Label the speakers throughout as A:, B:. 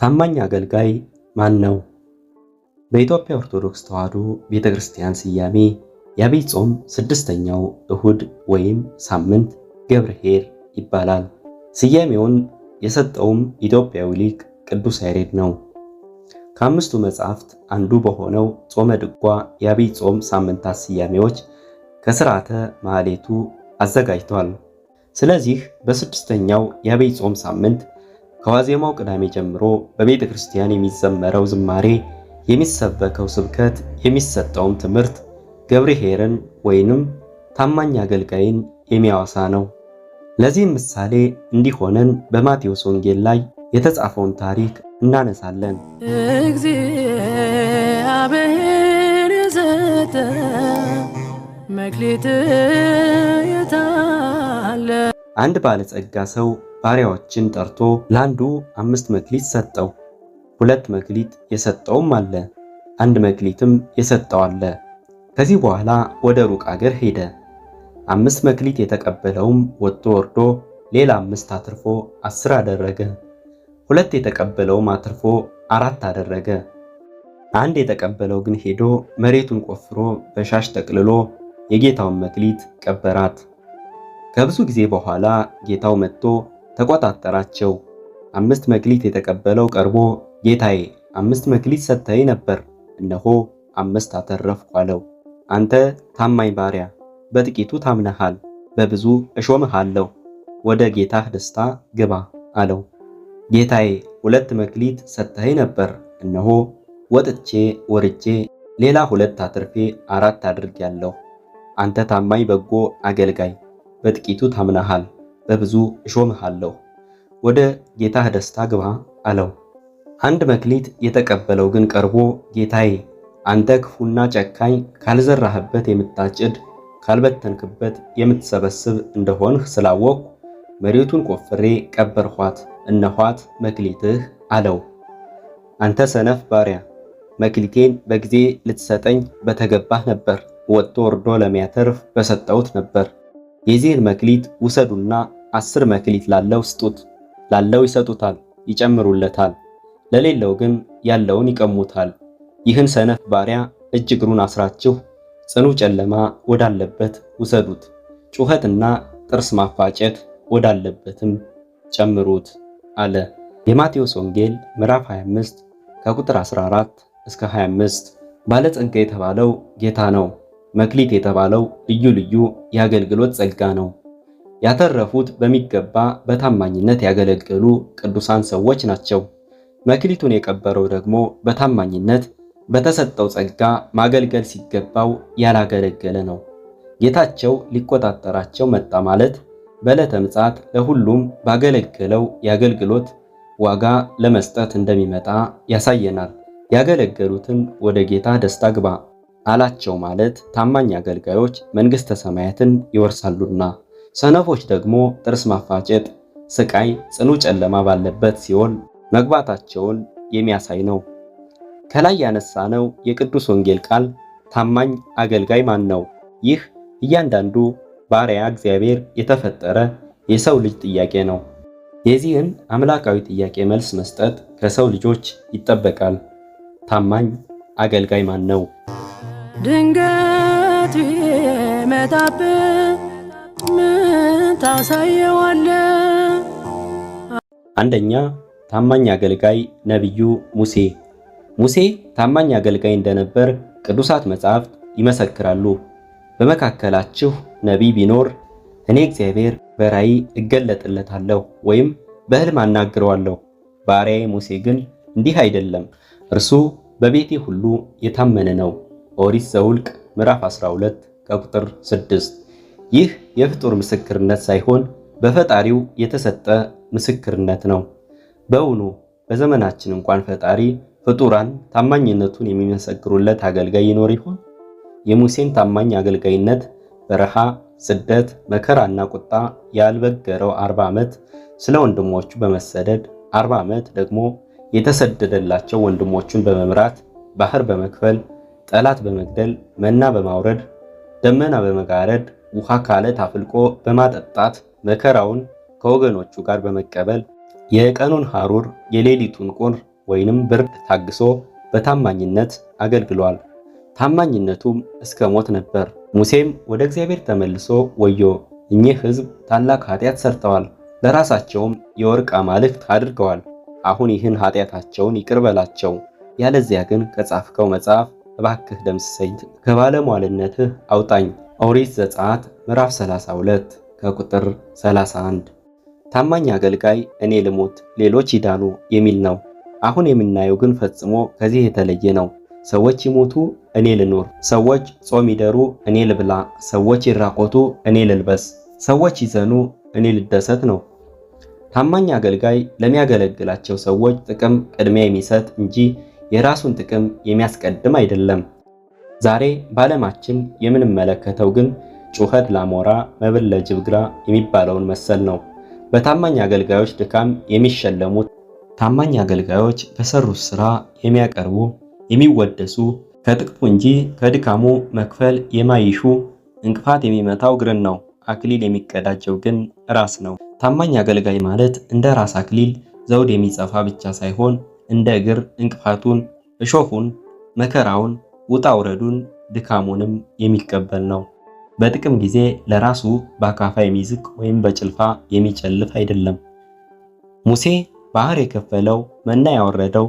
A: ታማኝ አገልጋይ ማን ነው? በኢትዮጵያ ኦርቶዶክስ ተዋሕዶ ቤተ ክርስቲያን ስያሜ የዐቢይ ጾም ስድስተኛው እሁድ ወይም ሳምንት ገብር ኄር ይባላል። ስያሜውን የሰጠውም ኢትዮጵያዊ ሊቅ ቅዱስ ያሬድ ነው። ከአምስቱ መጻሕፍት አንዱ በሆነው ጾመ ድጓ የዐቢይ ጾም ሳምንታት ስያሜዎች ከሥርዓተ ማኅሌቱ አዘጋጅቷል። ስለዚህ በስድስተኛው የዐቢይ ጾም ሳምንት ከዋዜማው ቅዳሜ ጀምሮ በቤተ ክርስቲያን የሚዘመረው ዝማሬ፣ የሚሰበከው ስብከት፣ የሚሰጠውም ትምህርት ገብረ ወይንም ታማኝ አገልጋይን የሚያወሳ ነው። ለዚህም ምሳሌ እንዲሆነን በማቴዎስ ወንጌል ላይ የተጻፈውን ታሪክ እናነሳለን። እግዚአብሔር ዘተ መክሊት የታለ አንድ ባለጸጋ ሰው ባሪያዎችን ጠርቶ ለአንዱ አምስት መክሊት ሰጠው፣ ሁለት መክሊት የሰጠውም አለ፣ አንድ መክሊትም የሰጠው አለ። ከዚህ በኋላ ወደ ሩቅ አገር ሄደ። አምስት መክሊት የተቀበለውም ወጥቶ ወርዶ ሌላ አምስት አትርፎ አስር አደረገ። ሁለት የተቀበለውም አትርፎ አራት አደረገ። አንድ የተቀበለው ግን ሄዶ መሬቱን ቆፍሮ በሻሽ ጠቅልሎ የጌታውን መክሊት ቀበራት። ከብዙ ጊዜ በኋላ ጌታው መጥቶ ተቆጣጠራቸው። አምስት መክሊት የተቀበለው ቀርቦ ጌታዬ አምስት መክሊት ሰጥተኸኝ ነበር፣ እነሆ አምስት አተረፍኩ አለው። አንተ ታማኝ ባሪያ፣ በጥቂቱ ታምነሃል፣ በብዙ እሾምሃለሁ፣ ወደ ጌታህ ደስታ ግባ አለው። ጌታዬ ሁለት መክሊት ሰጥተኸኝ ነበር፣ እነሆ ወጥቼ ወርጄ ሌላ ሁለት አትርፌ አራት አድርጌያለሁ። አንተ ታማኝ በጎ አገልጋይ፣ በጥቂቱ ታምነሃል በብዙ እሾምሃለሁ፣ ወደ ጌታህ ደስታ ግባ አለው። አንድ መክሊት የተቀበለው ግን ቀርቦ ጌታዬ አንተ ክፉና ጨካኝ ካልዘራህበት የምታጭድ ካልበተንክበት የምትሰበስብ እንደሆንህ ስላወቅሁ መሬቱን ቆፍሬ ቀበርኋት፣ እነኋት መክሊትህ አለው። አንተ ሰነፍ ባሪያ መክሊቴን በጊዜ ልትሰጠኝ በተገባህ ነበር፣ ወጥቶ ወርዶ ለሚያተርፍ በሰጠውት ነበር። የዚህን መክሊት ውሰዱና አስር መክሊት ላለው ስጡት፣ ላለው ይሰጡታል፣ ይጨምሩለታል፣ ለሌለው ግን ያለውን ይቀሙታል። ይህን ሰነፍ ባሪያ እጅ እግሩን አስራችሁ ጽኑ ጨለማ ወዳለበት ውሰዱት፣ ጩኸትና ጥርስ ማፋጨት ወዳለበትም ጨምሩት አለ። የማቴዎስ ወንጌል ምዕራፍ 25 ከቁጥር 14 እስከ 25። ባለጸጋ የተባለው ጌታ ነው። መክሊት የተባለው ልዩ ልዩ የአገልግሎት ጸጋ ነው። ያተረፉት በሚገባ በታማኝነት ያገለገሉ ቅዱሳን ሰዎች ናቸው። መክሊቱን የቀበረው ደግሞ በታማኝነት በተሰጠው ጸጋ ማገልገል ሲገባው ያላገለገለ ነው። ጌታቸው ሊቆጣጠራቸው መጣ ማለት በዕለተ ምጽአት ለሁሉም ባገለገለው የአገልግሎት ዋጋ ለመስጠት እንደሚመጣ ያሳየናል። ያገለገሉትን ወደ ጌታ ደስታ ግባ አላቸው ማለት ታማኝ አገልጋዮች መንግሥተ ሰማያትን ይወርሳሉና ሰነፎች ደግሞ ጥርስ ማፋጨት፣ ስቃይ፣ ጽኑ ጨለማ ባለበት ሲሆን መግባታቸውን የሚያሳይ ነው። ከላይ ያነሳነው የቅዱስ ወንጌል ቃል ታማኝ አገልጋይ ማን ነው? ይህ እያንዳንዱ ባሪያ እግዚአብሔር የተፈጠረ የሰው ልጅ ጥያቄ ነው። የዚህን አምላካዊ ጥያቄ መልስ መስጠት ከሰው ልጆች ይጠበቃል። ታማኝ አገልጋይ ማን ነው? ድንገት ቢመጣብህ ታሳየዋለ። አንደኛ ታማኝ አገልጋይ ነቢዩ ሙሴ። ሙሴ ታማኝ አገልጋይ እንደነበር ቅዱሳት መጻሕፍት ይመሰክራሉ። በመካከላችሁ ነቢይ ቢኖር እኔ እግዚአብሔር በራእይ እገለጥለታለሁ ወይም በሕልም አናግረዋለሁ፣ ባሪያዬ ሙሴ ግን እንዲህ አይደለም፣ እርሱ በቤቴ ሁሉ የታመነ ነው። ኦሪት ዘውልቅ ምዕራፍ 12 ከቁጥር 6 ይህ የፍጡር ምስክርነት ሳይሆን በፈጣሪው የተሰጠ ምስክርነት ነው። በእውኑ በዘመናችን እንኳን ፈጣሪ ፍጡራን ታማኝነቱን የሚመሰክሩለት አገልጋይ ይኖር ይሆን? የሙሴን ታማኝ አገልጋይነት በረሃ፣ ስደት፣ መከራና ቁጣ ያልበገረው አርባ ዓመት ስለ ወንድሞቹ በመሰደድ አርባ ዓመት ደግሞ የተሰደደላቸው ወንድሞቹን በመምራት ባህር በመክፈል ጠላት በመግደል መና በማውረድ ደመና በመጋረድ ውሃ ካለ አፍልቆ በማጠጣት መከራውን ከወገኖቹ ጋር በመቀበል የቀኑን ሐሩር የሌሊቱን ቁር ወይንም ብርድ ታግሶ በታማኝነት አገልግሏል። ታማኝነቱም እስከ ሞት ነበር። ሙሴም ወደ እግዚአብሔር ተመልሶ ወዮ እኚህ ሕዝብ ታላቅ ኃጢአት ሰርተዋል፣ ለራሳቸውም የወርቅ አማልክት አድርገዋል። አሁን ይህን ኃጢአታቸውን ይቅር በላቸው፣ ያለዚያ ግን ከጻፍከው መጽሐፍ እባክህ ደምስሰኝ ከባለሟልነትህ አውጣኝ ኦሪት ዘጸአት ምዕራፍ 32 ከቁጥር 31 ታማኝ አገልጋይ እኔ ልሞት ሌሎች ይዳኑ የሚል ነው። አሁን የምናየው ግን ፈጽሞ ከዚህ የተለየ ነው። ሰዎች ይሞቱ እኔ ልኖር፣ ሰዎች ጾም ይደሩ እኔ ልብላ፣ ሰዎች ይራቆቱ እኔ ልልበስ፣ ሰዎች ይዘኑ እኔ ልደሰት ነው። ታማኝ አገልጋይ ለሚያገለግላቸው ሰዎች ጥቅም ቅድሚያ የሚሰጥ እንጂ የራሱን ጥቅም የሚያስቀድም አይደለም። ዛሬ በዓለማችን የምንመለከተው ግን ጩኸት ላሞራ መብል ለጅብግራ ግራ የሚባለውን መሰል ነው። በታማኝ አገልጋዮች ድካም የሚሸለሙት ታማኝ አገልጋዮች በሰሩት ስራ የሚያቀርቡ የሚወደሱ ከጥቅሙ እንጂ ከድካሙ መክፈል የማይሹ እንቅፋት የሚመታው እግርን ነው፣ አክሊል የሚቀዳጀው ግን ራስ ነው። ታማኝ አገልጋይ ማለት እንደ ራስ አክሊል ዘውድ የሚጸፋ ብቻ ሳይሆን እንደ እግር እንቅፋቱን፣ እሾፉን፣ መከራውን ውጣ ውረዱን ድካሙንም የሚቀበል ነው። በጥቅም ጊዜ ለራሱ በአካፋ የሚዝቅ ወይም በጭልፋ የሚጨልፍ አይደለም። ሙሴ ባህር የከፈለው መና ያወረደው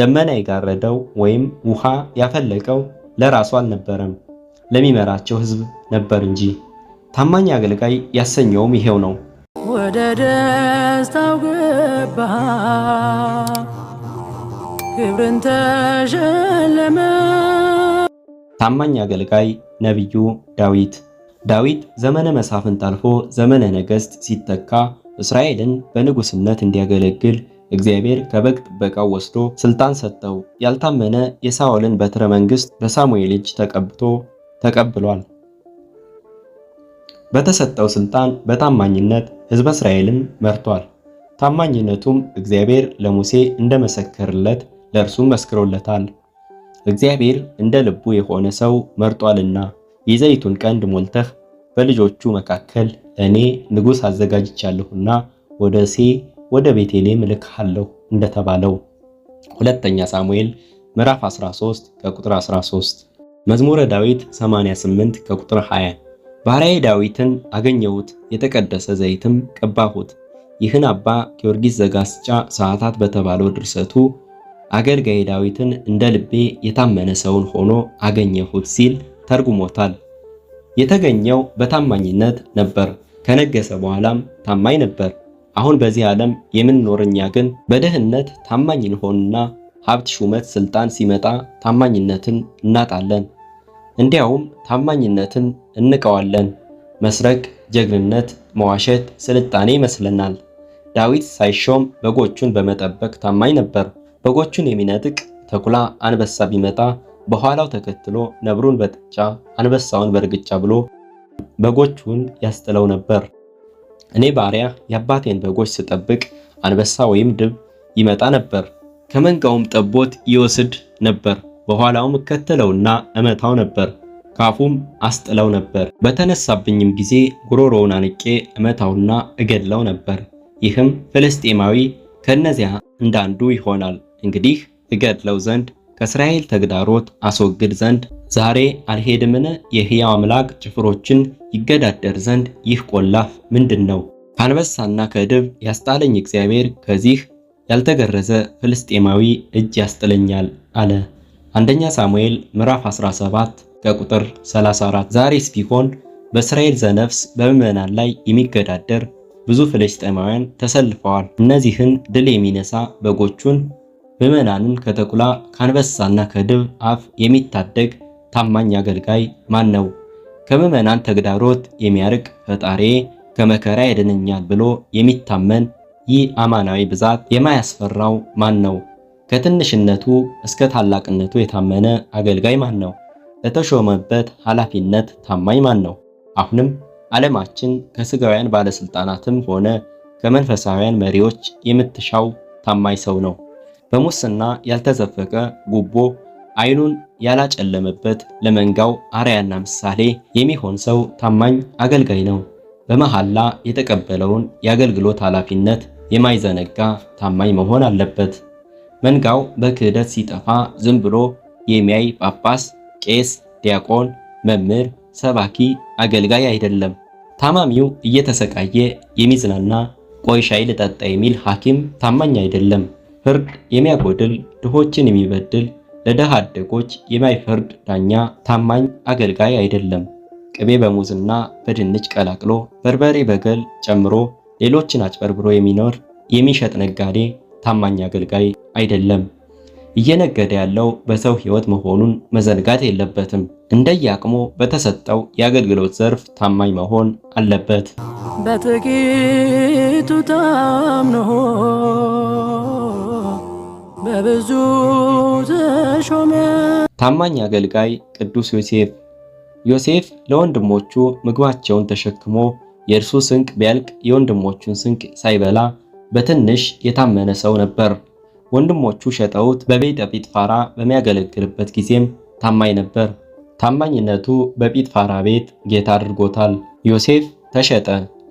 A: ደመና የጋረደው ወይም ውሃ ያፈለቀው ለራሱ አልነበረም፣ ለሚመራቸው ሕዝብ ነበር እንጂ። ታማኝ አገልጋይ ያሰኘውም ይሄው ነው። ወደ ደስታው ገባ፣ ክብርን ተሸለመ ታማኝ አገልጋይ ነቢዩ ዳዊት ዳዊት ዘመነ መሳፍንት አልፎ ዘመነ ነገሥት ሲተካ እስራኤልን በንጉሥነት እንዲያገለግል እግዚአብሔር ከበግ ጥበቃው ወስዶ ስልጣን ሰጠው። ያልታመነ የሳኦልን በትረ መንግስት በሳሙኤል እጅ ተቀብቶ ተቀብሏል። በተሰጠው ስልጣን በታማኝነት ህዝበ እስራኤልን መርቷል። ታማኝነቱም እግዚአብሔር ለሙሴ እንደመሰከርለት ለእርሱም መስክሮለታል። እግዚአብሔር እንደ ልቡ የሆነ ሰው መርጧልና የዘይቱን ቀንድ ሞልተህ በልጆቹ መካከል እኔ ንጉሥ አዘጋጅቻለሁና ወደ ሴ ወደ ቤቴሌም እልክሃለሁ እንደተባለው ሁለተኛ ሳሙኤል ምዕራፍ 13 ከቁጥር 13 መዝሙረ ዳዊት 88 ከቁጥር 20 ባሪያዬ ዳዊትን አገኘሁት የተቀደሰ ዘይትም ቀባሁት። ይህን አባ ጊዮርጊስ ዘጋስጫ ሰዓታት በተባለው ድርሰቱ አገልጋይ ዳዊትን እንደ ልቤ የታመነ ሰውን ሆኖ አገኘሁት ሲል ተርጉሞታል። የተገኘው በታማኝነት ነበር። ከነገሰ በኋላም ታማኝ ነበር። አሁን በዚህ ዓለም የምንኖር እኛ ግን በደህንነት ታማኝ እንሆንና ሀብት፣ ሹመት፣ ስልጣን ሲመጣ ታማኝነትን እናጣለን። እንዲያውም ታማኝነትን እንቀዋለን። መስረቅ፣ ጀግንነት፣ መዋሸት ስልጣኔ ይመስለናል። ዳዊት ሳይሾም በጎቹን በመጠበቅ ታማኝ ነበር። በጎቹን የሚነጥቅ ተኩላ አንበሳ ቢመጣ በኋላው ተከትሎ ነብሩን በጥጫ አንበሳውን በእርግጫ ብሎ በጎቹን ያስጥለው ነበር። እኔ ባሪያ የአባቴን በጎች ስጠብቅ አንበሳ ወይም ድብ ይመጣ ነበር፣ ከመንጋውም ጠቦት ይወስድ ነበር። በኋላውም እከተለውና እመታው ነበር፣ ካፉም አስጥለው ነበር። በተነሳብኝም ጊዜ ጉሮሮውን አንቄ እመታውና እገድለው ነበር። ይህም ፍልስጤማዊ ከእነዚያ እንዳንዱ ይሆናል። እንግዲህ እገድለው ዘንድ ከእስራኤል ተግዳሮት አስወግድ ዘንድ ዛሬ አልሄድምን? የሕያው አምላክ ጭፍሮችን ይገዳደር ዘንድ ይህ ቆላፍ ምንድን ነው? ከአንበሳና ከድብ ያስጣለኝ እግዚአብሔር ከዚህ ያልተገረዘ ፍልስጤማዊ እጅ ያስጥለኛል አለ። አንደኛ ሳሙኤል ምዕራፍ 17 ከቁጥር 34። ዛሬስ ቢሆን በእስራኤል ዘነፍስ በምዕመናን ላይ የሚገዳደር ብዙ ፍልስጤማውያን ተሰልፈዋል። እነዚህን ድል የሚነሳ በጎቹን ምዕመናንን ከተኩላ ከአንበሳና ከድብ አፍ የሚታደግ ታማኝ አገልጋይ ማን ነው? ከምዕመናን ተግዳሮት የሚያርቅ ፈጣሬ ከመከራ ያድነኛል ብሎ የሚታመን ይህ አማናዊ ብዛት የማያስፈራው ማን ነው? ከትንሽነቱ እስከ ታላቅነቱ የታመነ አገልጋይ ማን ነው? ለተሾመበት ኃላፊነት ታማኝ ማን ነው? አሁንም ዓለማችን ከስጋውያን ባለስልጣናትም ሆነ ከመንፈሳውያን መሪዎች የምትሻው ታማኝ ሰው ነው። በሙስና ያልተዘፈቀ ጉቦ አይኑን ያላጨለመበት ለመንጋው አርያና ምሳሌ የሚሆን ሰው ታማኝ አገልጋይ ነው። በመሐላ የተቀበለውን የአገልግሎት ኃላፊነት የማይዘነጋ ታማኝ መሆን አለበት። መንጋው በክህደት ሲጠፋ ዝም ብሎ የሚያይ ጳጳስ፣ ቄስ፣ ዲያቆን፣ መምህር፣ ሰባኪ፣ አገልጋይ አይደለም። ታማሚው እየተሰቃየ የሚዝናና ቆይ ሻይ ልጠጣ የሚል ሐኪም ታማኝ አይደለም። ፍርድ የሚያጎድል ድሆችን የሚበድል ለደሃ አደጎች የማይፈርድ ዳኛ ታማኝ አገልጋይ አይደለም። ቅቤ በሙዝና በድንች ቀላቅሎ በርበሬ በገል ጨምሮ ሌሎችን አጭበርብሮ የሚኖር የሚሸጥ ነጋዴ ታማኝ አገልጋይ አይደለም። እየነገደ ያለው በሰው ሕይወት መሆኑን መዘንጋት የለበትም። እንደየአቅሙ በተሰጠው የአገልግሎት ዘርፍ ታማኝ መሆን አለበት። በጥቂቱ ታምኖ በብዙ ተሾመ። ታማኝ አገልጋይ ቅዱስ ዮሴፍ። ዮሴፍ ለወንድሞቹ ምግባቸውን ተሸክሞ የእርሱ ስንቅ ቢያልቅ የወንድሞቹን ስንቅ ሳይበላ በትንሽ የታመነ ሰው ነበር። ወንድሞቹ ሸጠውት በቤተ ጲጥፋራ በሚያገለግልበት ጊዜም ታማኝ ነበር። ታማኝነቱ በጲጥፋራ ቤት ጌታ አድርጎታል። ዮሴፍ ተሸጠ፣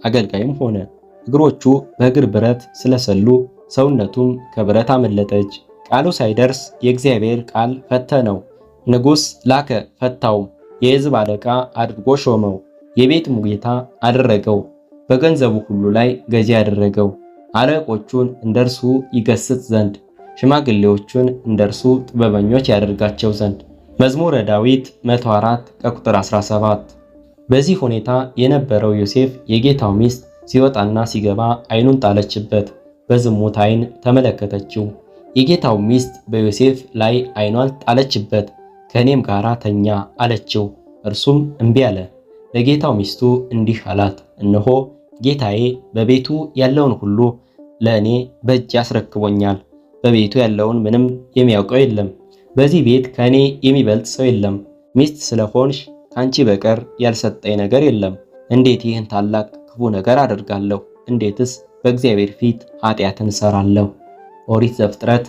A: አገልጋይም ሆነ። እግሮቹ በእግር ብረት ስለሰሉ ሰውነቱም ከብረት አመለጠች። ቃሉ ሳይደርስ የእግዚአብሔር ቃል ፈተነው። ንጉሥ ላከ ፈታውም፣ የሕዝብ አለቃ አድርጎ ሾመው፣ የቤት ሙጌታ አደረገው፣ በገንዘቡ ሁሉ ላይ ገዢ አደረገው። አለቆቹን እንደርሱ ይገስጽ ዘንድ ሽማግሌዎቹን እንደርሱ ጥበበኞች ያደርጋቸው ዘንድ። መዝሙረ ዳዊት 104 ከቁጥር 17። በዚህ ሁኔታ የነበረው ዮሴፍ የጌታው ሚስት ሲወጣና ሲገባ አይኑን ጣለችበት። በዝሙት አይን ተመለከተችው። የጌታው ሚስት በዮሴፍ ላይ አይኗን ጣለችበት። ከእኔም ጋር ተኛ አለችው። እርሱም እምቢ አለ። ለጌታው ሚስቱ እንዲህ አላት፣ እነሆ ጌታዬ በቤቱ ያለውን ሁሉ ለእኔ በእጅ ያስረክቦኛል። በቤቱ ያለውን ምንም የሚያውቀው የለም። በዚህ ቤት ከእኔ የሚበልጥ ሰው የለም። ሚስት ስለሆንሽ ከአንቺ በቀር ያልሰጠኝ ነገር የለም። እንዴት ይህን ታላቅ ክፉ ነገር አደርጋለሁ? እንዴትስ በእግዚአብሔር ፊት ኃጢአትን እሰራለሁ። ኦሪት ዘፍጥረት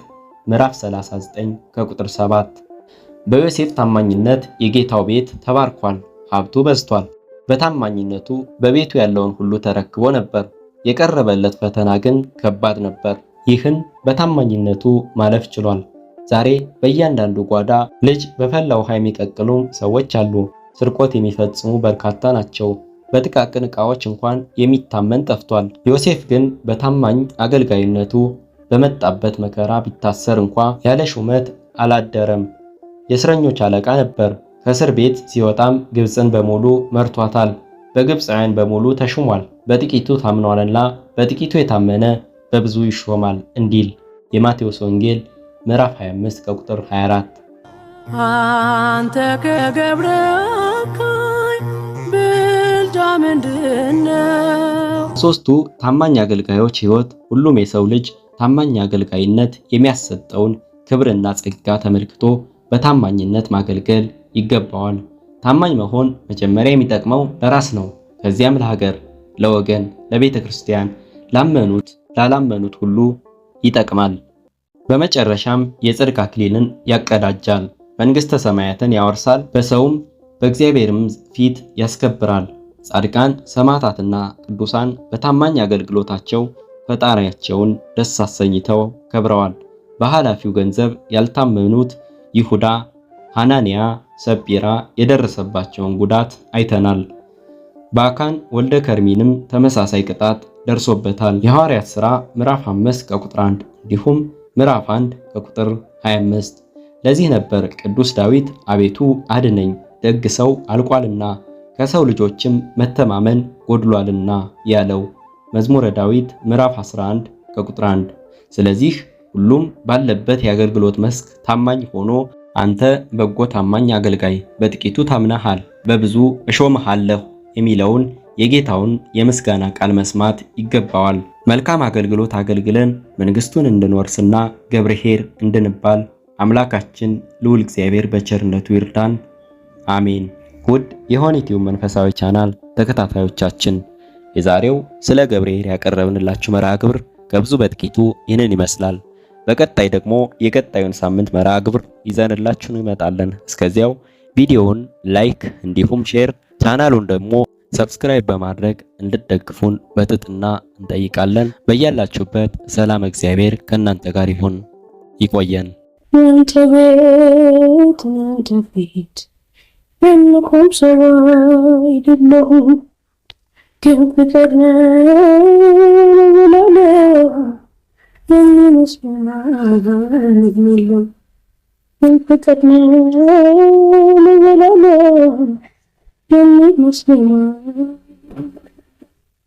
A: ምዕራፍ 39 ከቁጥር 7። በዮሴፍ ታማኝነት የጌታው ቤት ተባርኳል፣ ሀብቱ በዝቷል። በታማኝነቱ በቤቱ ያለውን ሁሉ ተረክቦ ነበር። የቀረበለት ፈተና ግን ከባድ ነበር። ይህን በታማኝነቱ ማለፍ ችሏል። ዛሬ በእያንዳንዱ ጓዳ ልጅ በፈላ ውሃ የሚቀቅሉ ሰዎች አሉ። ስርቆት የሚፈጽሙ በርካታ ናቸው። በጥቃቅን ዕቃዎች እንኳን የሚታመን ጠፍቷል። ዮሴፍ ግን በታማኝ አገልጋይነቱ በመጣበት መከራ ቢታሰር እንኳ ያለ ሹመት አላደረም። የእስረኞች አለቃ ነበር። ከእስር ቤት ሲወጣም ግብፅን በሙሉ መርቷታል። በግብፃውያን በሙሉ ተሹሟል። በጥቂቱ ታምኗልና በጥቂቱ የታመነ በብዙ ይሾማል እንዲል የማቴዎስ ወንጌል ምዕራፍ 25 ከቁጥር 24 አንተ ከገብረ ምንድነው? ታማኝ አገልጋዮች ሕይወት ሁሉም የሰው ልጅ ታማኝ አገልጋይነት የሚያሰጠውን ክብርና ጸጋ ተመልክቶ በታማኝነት ማገልገል ይገባዋል። ታማኝ መሆን መጀመሪያ የሚጠቅመው ለራስ ነው። ከዚያም ለሀገር፣ ለወገን፣ ለቤተ ክርስቲያን፣ ላመኑት ላላመኑት ሁሉ ይጠቅማል። በመጨረሻም የጽድቅ አክሊልን ያቀዳጃል፣ መንግሥተ ሰማያትን ያወርሳል፣ በሰውም በእግዚአብሔርም ፊት ያስከብራል። ጻድቃን ሰማዕታትና ቅዱሳን በታማኝ አገልግሎታቸው ፈጣሪያቸውን ደስ አሰኝተው ከብረዋል። በኃላፊው ገንዘብ ያልታመኑት ይሁዳ፣ ሐናንያ፣ ሰጲራ የደረሰባቸውን ጉዳት አይተናል። በአካን ወልደ ከርሚንም ተመሳሳይ ቅጣት ደርሶበታል። የሐዋርያት ሥራ ምዕራፍ 5 ከቁጥር 1 እንዲሁም ምዕራፍ 1 ከቁጥር 25። ለዚህ ነበር ቅዱስ ዳዊት አቤቱ አድነኝ ደግ ሰው አልቋልና ከሰው ልጆችም መተማመን ጎድሏልና ያለው መዝሙረ ዳዊት ምዕራፍ 11 ከቁጥር 1። ስለዚህ ሁሉም ባለበት የአገልግሎት መስክ ታማኝ ሆኖ አንተ በጎ ታማኝ አገልጋይ በጥቂቱ ታምናሃል፣ በብዙ እሾምሃለሁ የሚለውን የጌታውን የምስጋና ቃል መስማት ይገባዋል። መልካም አገልግሎት አገልግለን መንግስቱን እንድንወርስና ገብርኄር እንድንባል አምላካችን ልዑል እግዚአብሔር በቸርነቱ ይርዳን። አሜን። ውድ የሆኒቲው መንፈሳዊ ቻናል ተከታታዮቻችን የዛሬው ስለ ገብርኤል ያቀረብንላችሁ መርሃ ግብር ከብዙ በጥቂቱ ይህንን ይመስላል። በቀጣይ ደግሞ የቀጣዩን ሳምንት መርሃ ግብር ይዘንላችሁ እንመጣለን። እስከዚያው ቪዲዮውን ላይክ እንዲሁም ሼር ቻናሉን ደግሞ ሰብስክራይብ በማድረግ እንድትደግፉን በትጥና እንጠይቃለን። በያላችሁበት ሰላም እግዚአብሔር ከእናንተ ጋር ይሁን። ይቆየን። And look home, Sarah, I didn't know. Can't be that now, And you must be mine. Can't be that now, And you must be mine.